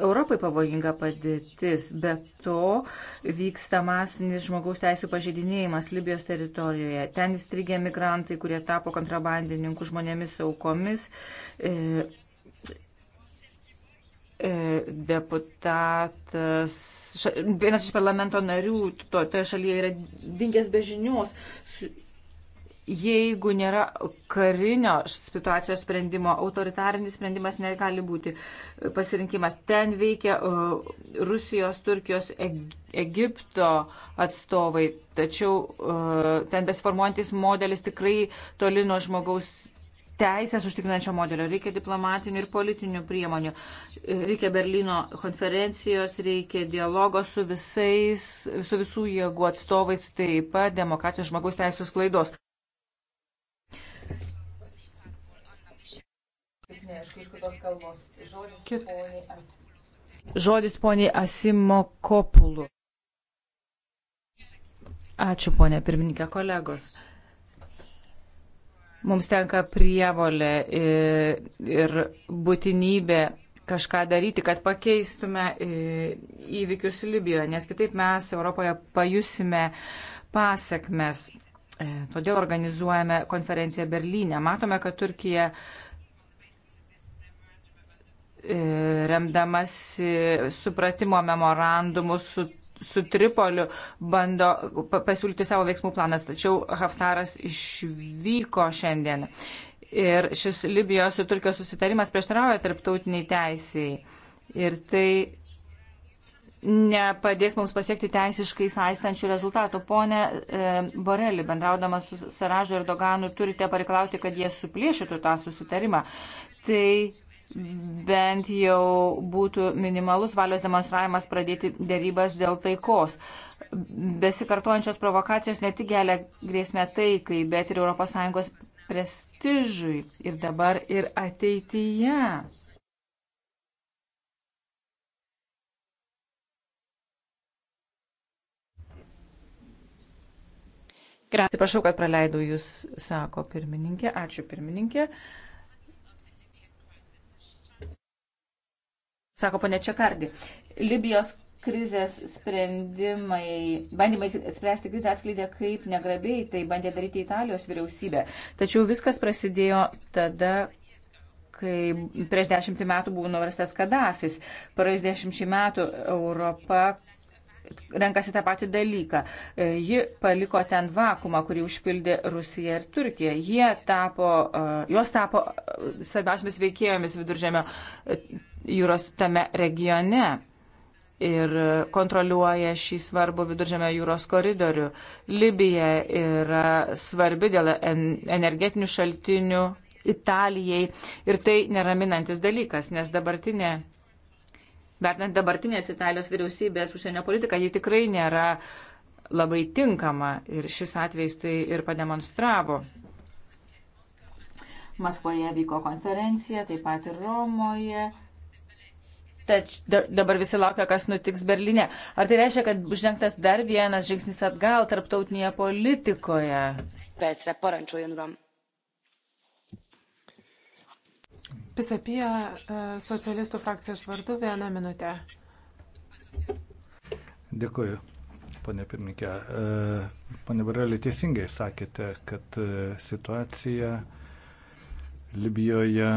Europai pavojinga padėtis. Be to vyksta masinis žmogaus teisų pažeidinėjimas Libijos teritorijoje. Ten įstrigę migrantai, kurie tapo kontrabandininkų žmonėmis aukomis. E, E, deputatas, vienas iš parlamento narių to, toje šalyje yra dingęs be žinios. Jeigu nėra karinio situacijos sprendimo, autoritarinis sprendimas negali būti pasirinkimas. Ten veikia e, Rusijos, Turkijos, Egipto atstovai, tačiau e, ten besiformuojantis modelis tikrai toli nuo žmogaus teisės užtikrinančio modelio, reikia diplomatinių ir politinių priemonių, reikia Berlyno konferencijos, reikia dialogo su visais, su visų jėgų atstovais, taip pat demokratijos žmogaus teisų sklaidos. Žodis poniai Asimo Kopulų. Ačiū, ponė pirmininkė, kolegos. Mums tenka prievolė ir būtinybė kažką daryti, kad pakeistume įvykius Libijoje, nes kitaip mes Europoje pajusime pasiekmes. E, todėl organizuojame konferenciją Berlyne. Matome, kad Turkija e, remdamasi supratimo memorandumus su su Tripoliu bando pasiūlyti savo veiksmų planas, tačiau Haftaras išvyko šiandien. Ir šis Libijos ir Turkijos susitarimas prieštarauja tarptautiniai teisėjai. Ir tai nepadės mums pasiekti teisiškai saistančių rezultatų. Pone e, Borelį, bendraudamas su Saražu ir Doganu, turite pareikalauti, kad jie supliešytų tą susitarimą. Tai bent jau būtų minimalus valios demonstravimas pradėti dėrybas dėl taikos. Besikartojančios provokacijos ne tik kelia grėsmę taikai, bet ir ES prestižui ir dabar, ir ateityje. Atsiprašau, kad praleidau Jūs, sako pirmininkė. Ačiū pirmininkė. Uh, sako ponė Čekardi. Libijos krizės sprendimai, bandymai spręsti krizę atskleidė, kaip negrabiai tai bandė daryti Italijos vyriausybė. Tačiau viskas prasidėjo tada, kai prieš dešimtį metų buvo nuverstas Kadafis. Praėjus dešimčiai metų Europa renkasi tą patį dalyką. E, ji paliko ten vakumą, kurį užpildė Rusija ir Turkija. Jie tapo, e, jos tapo e, svarbiausiamis veikėjomis viduržėmio jūros tame regione ir kontroliuoja šį svarbų viduržėmio jūros koridorių. Libija yra svarbi dėl energetinių šaltinių Italijai ir tai neraminantis dalykas, nes dabartinė vertinant dabartinės Italijos vyriausybės užsienio politiką, ji tikrai nėra labai tinkama ir šis atvejs tai ir pademonstravo. Maskvoje vyko konferencija, taip pat ir Romoje. Tač, dabar visi laukia, kas nutiks Berlyne. Ar tai reiškia, kad žengtas dar vienas žingsnis atgal tarptautinėje politikoje? Petra, parančioju, Ram. Pisapie socialistų frakcijos vardu vieną minutę. Dėkuoju, ponė pirmininkė. Pane Barelė, teisingai sakėte, kad e, situacija Libijoje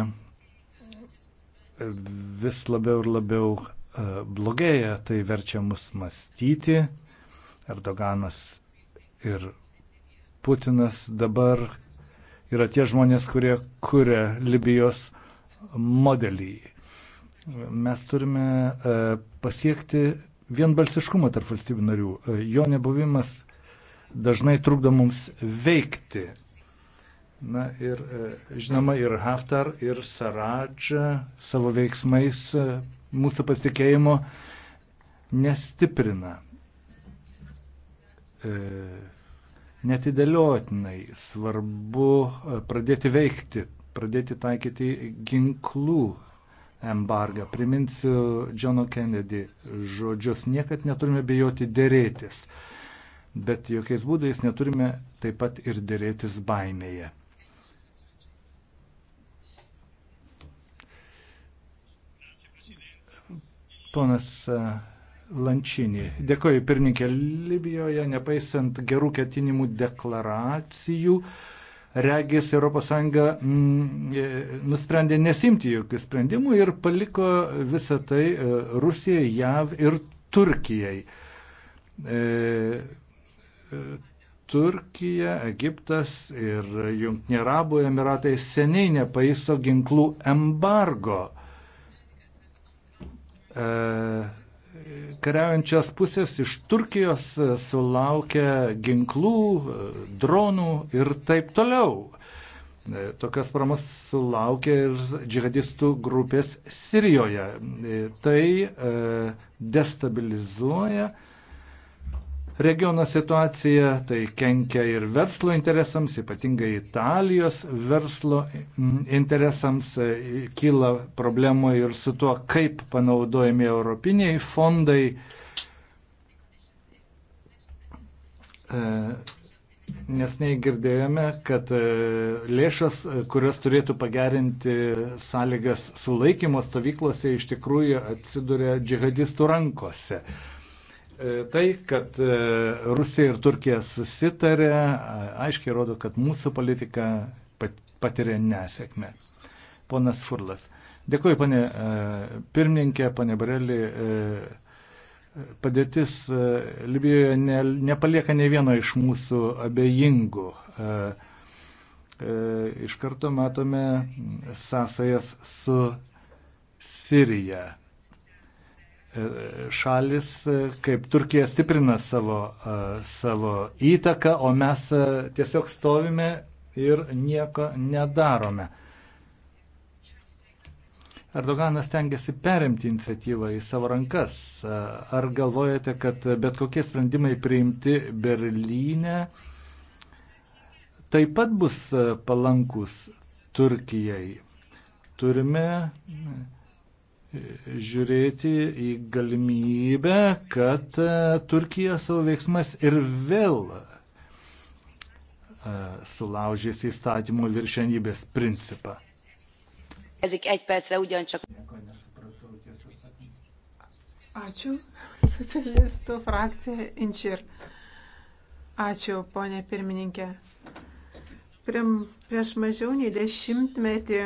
vis labiau ir labiau e, blogėja, tai verčia mus mąstyti. Erdoganas ir Putinas dabar yra tie žmonės, kurie kuria Libijos modelį. Mes turime e, pasiekti vienbalsiškumą tarp valstybių narių. E, jo nebuvimas dažnai trukdo mums veikti. Na ir e, žinoma, ir Haftar, ir Saradža savo veiksmais mūsų pasitikėjimo nestiprina. Netidėliotinai svarbu pradėti veikti pradėti taikyti ginklų embargą. Priminsiu Džono Kennedy žodžius, niekad neturime bijoti dėrėtis, bet jokiais būdais neturime taip pat ir dėrėtis baimėje. Ponas e, Lančinį. Dėkoju pirmininkė Libijoje, nepaisant gerų ketinimų deklaracijų, uh, regis ES mm, e, nusprendė nesimti jokių sprendimų ir paliko visą tai e, Rusijai, JAV ir Turkijai. E, Turkija, Egiptas ir Junktinė Arabų Emiratai seniai nepaiso ginklų embargo. E, kariaujančios pusės iš Turkijos e, sulaukia ginklų, e, dronų ir taip toliau. E, tokios paramos sulaukia ir džihadistų grupės Sirijoje. Tai destabilizuoja regiono situaciją, tai kenkia ir verslo interesams, ypatingai Italijos verslo mm, interesams, e, kyla problemų ir su tuo, kaip panaudojami europiniai fondai. E, Nesnei girdėjome, kad e, lėšas, kurios turėtų pagerinti sąlygas sulaikymo stovyklose, iš tikrųjų atsiduria džihadistų rankose. Tai, kad e, Rusija ir Turkija susitarė, aiškiai rodo, kad mūsų politika patiria nesėkmę. Ponas Furlas. Dėkuoju, ponė e, pirmininkė, ponė Barelį. E, padėtis Libijoje ne, nepalieka ne vieno iš mūsų abejingų. Iš karto matome sąsajas su Sirija šalis e, kaip Turkija stiprina savo, e, savo įtaką, o mes e, tiesiog stovime ir nieko nedarome. Erdoganas tengiasi perimti iniciatyvą į savo rankas. Ar galvojate, kad bet kokie sprendimai priimti Berlyne taip pat bus palankus Turkijai? Turime žiūrėti į galimybę, kad e, Turkija savo veiksmas ir vėl e, sulaužys įstatymų viršenybės principą. Ačiū, [laughs] socialistų frakcija Inčir. Ačiū, ponė pirmininkė. Prim, prieš mažiau nei dešimtmetį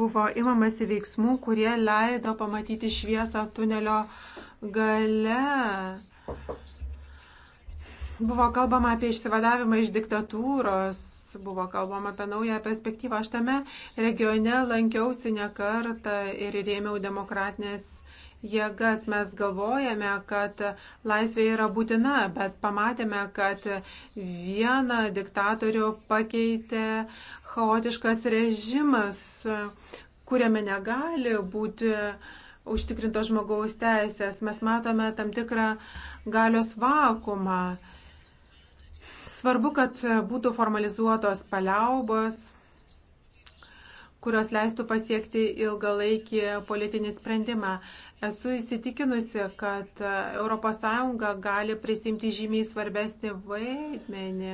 buvo imamasi veiksmų, kurie leido pamatyti šviesą tunelio gale. Buvo kalbama apie išsivadavimą iš diktatūros, buvo kalbama apie naują perspektyvą. Aš tame regione lankiausi ne kartą ir rėmiau demokratinės jėgas. Mes galvojame, kad laisvė yra būtina, bet pamatėme, kad vieną diktatorių pakeitė chaotiškas režimas, kuriame negali būti užtikrintos žmogaus teisės. Mes matome tam tikrą galios vakumą. Svarbu, kad būtų formalizuotos paliaubos, kurios leistų pasiekti ilgalaikį politinį sprendimą. Esu įsitikinusi, kad ES gali prisimti žymiai svarbesnį vaidmenį,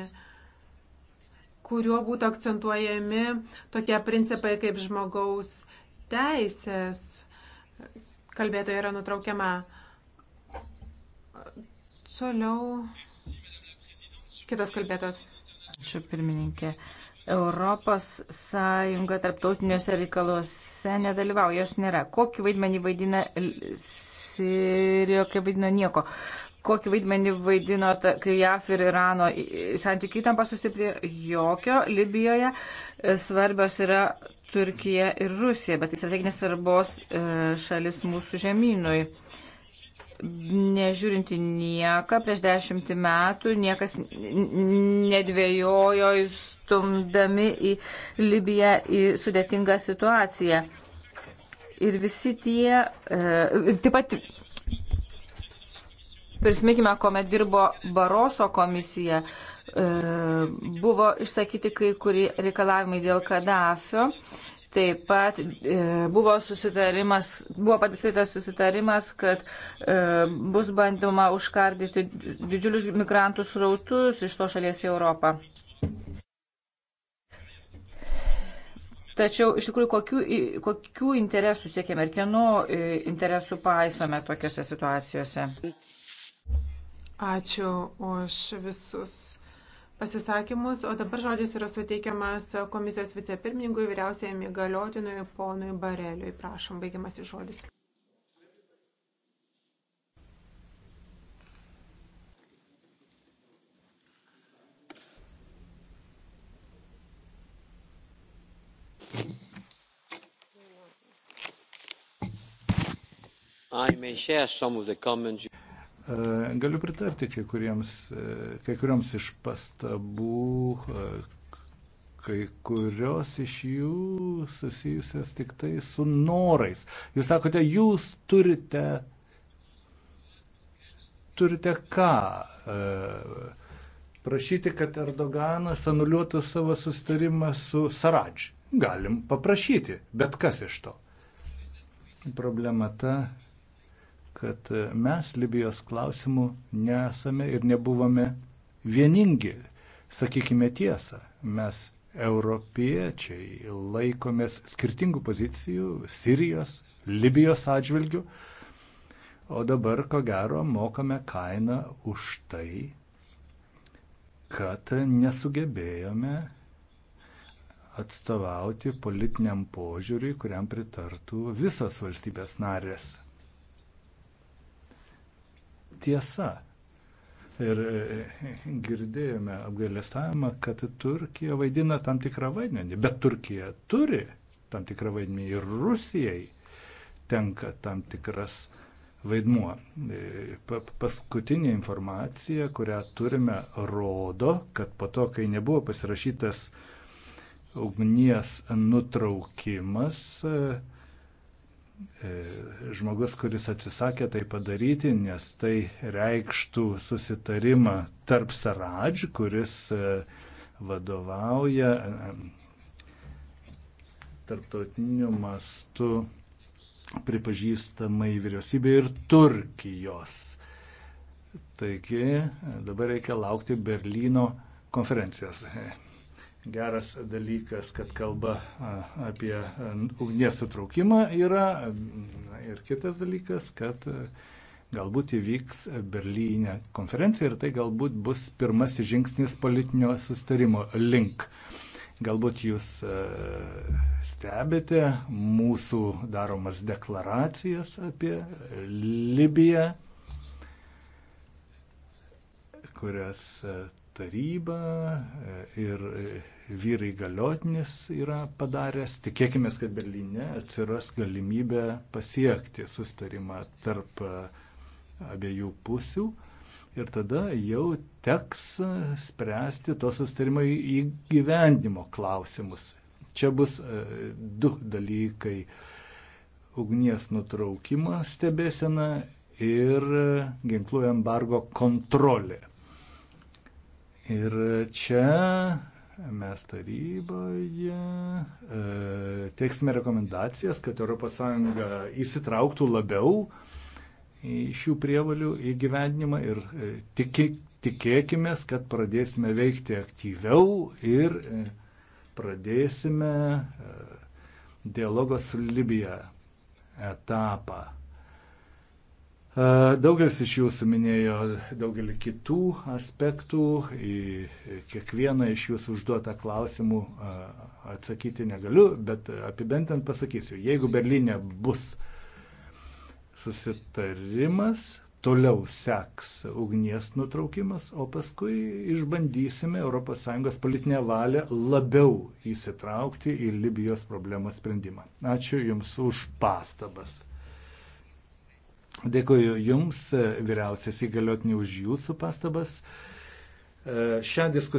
kuriuo būtų akcentuojami tokie principai kaip žmogaus teisės. Kalbėtoja yra nutraukiama. Toliau kitas kalbėtojas. Ačiū pirmininkė. Europos Sąjunga tarptautiniuose reikaluose nedalyvauja, jos nėra. Kokį vaidmenį vaidina Sirijo, kai vaidino nieko? Kokį vaidmenį vaidino, kai JAF ir Irano santykiai tampa sustiprėjo? Jokio. Libijoje e, svarbios yra Turkija ir Rusija, bet tai strateginės svarbos e, šalis mūsų žemynui nežiūrinti nieką, prieš dešimtį metų niekas nedvėjojo įstumdami į Libiją į sudėtingą situaciją. Ir visi tie, e, taip pat prisimykime, kuomet dirbo Baroso komisija, e, buvo išsakyti kai kurie reikalavimai dėl Kadafio. E, Taip pat e, buvo susitarimas, buvo padarytas susitarimas, kad e, bus bandoma užkardyti didžiulius migrantų srautus iš to šalies į Europą. Tačiau iš tikrųjų, kokių, kokių interesų siekėme ir kieno e, interesų paisome tokiuose situacijose? Ačiū už visus pasisakymus, o dabar žodis yra suteikiamas komisijos vicepirmininkui, vyriausiajam įgaliotinui, ponui Bareliui. Prašom, baigiamas į žodis. I may share some of the comments. E, galiu pritarti kai, kuriems, e, kai kurioms iš pastabų, e, kai kurios iš jų susijusios tik tai su norais. Jūs sakote, jūs turite, turite ką? Prašyti, kad Erdoganas anuliuotų savo sustarimą su Saradž. Galim paprašyti, bet kas iš to? Problema ta, kad mes Libijos klausimų nesame ir nebuvome vieningi. Sakykime tiesą, mes europiečiai laikomės skirtingų pozicijų Sirijos, Libijos atžvilgių, o dabar ko gero mokame kainą už tai, kad nesugebėjome atstovauti politiniam požiūriui, kuriam pritartų visas valstybės narės tiesa. Ir e, girdėjome apgailestavimą, kad Turkija vaidina tam tikrą vaidmenį, bet Turkija turi tam tikrą vaidmenį ir Rusijai tenka tam tikras vaidmuo. E, paskutinė informacija, kurią turime, rodo, kad po to, kai nebuvo pasirašytas ugnies nutraukimas, e, E, žmogus, kuris atsisakė tai padaryti, nes tai reikštų susitarimą tarp Saradž, kuris e, vadovauja e, tarptautiniu mastu pripažįstamai vyriausybė ir Turkijos. Taigi dabar reikia laukti Berlyno konferencijos geras dalykas, kad kalba apie ugnies sutraukimą yra. Ir kitas dalykas, kad galbūt įvyks Berlyne konferencija ir tai galbūt bus pirmasis žingsnis politinio sustarimo link. Galbūt jūs stebite mūsų daromas deklaracijas apie Libiją, kurias taryba e, ir e, vyrai galiotinis yra padaręs. Tikėkime, kad Berlyne atsiras galimybė pasiekti sustarimą tarp e, abiejų pusių ir tada jau teks spręsti to sustarimo įgyvendimo klausimus. Čia bus du dalykai - ugnies nutraukimo stebėsena ir ginklų embargo kontrolė. Ir čia mes taryboje e, teiksime rekomendacijas, kad ES įsitrauktų labiau į šių prievalių įgyvendinimą ir e, tiki, tikėkime, kad pradėsime veikti aktyviau ir e, pradėsime e, dialogo su Libija etapą. E, daugelis iš jūsų minėjo daugelį kitų aspektų, į kiekvieną iš jūsų užduotą klausimų e, atsakyti negaliu, bet apibendrint pasakysiu, jeigu Berlyne bus susitarimas, toliau seks ugnies nutraukimas, o paskui išbandysime ES politinę valią labiau įsitraukti į Libijos problemos sprendimą. Ačiū Jums už pastabas. Dėkuoju Jums, vyriausias įgaliotinį, už Jūsų pastabas. E, šią diskusiją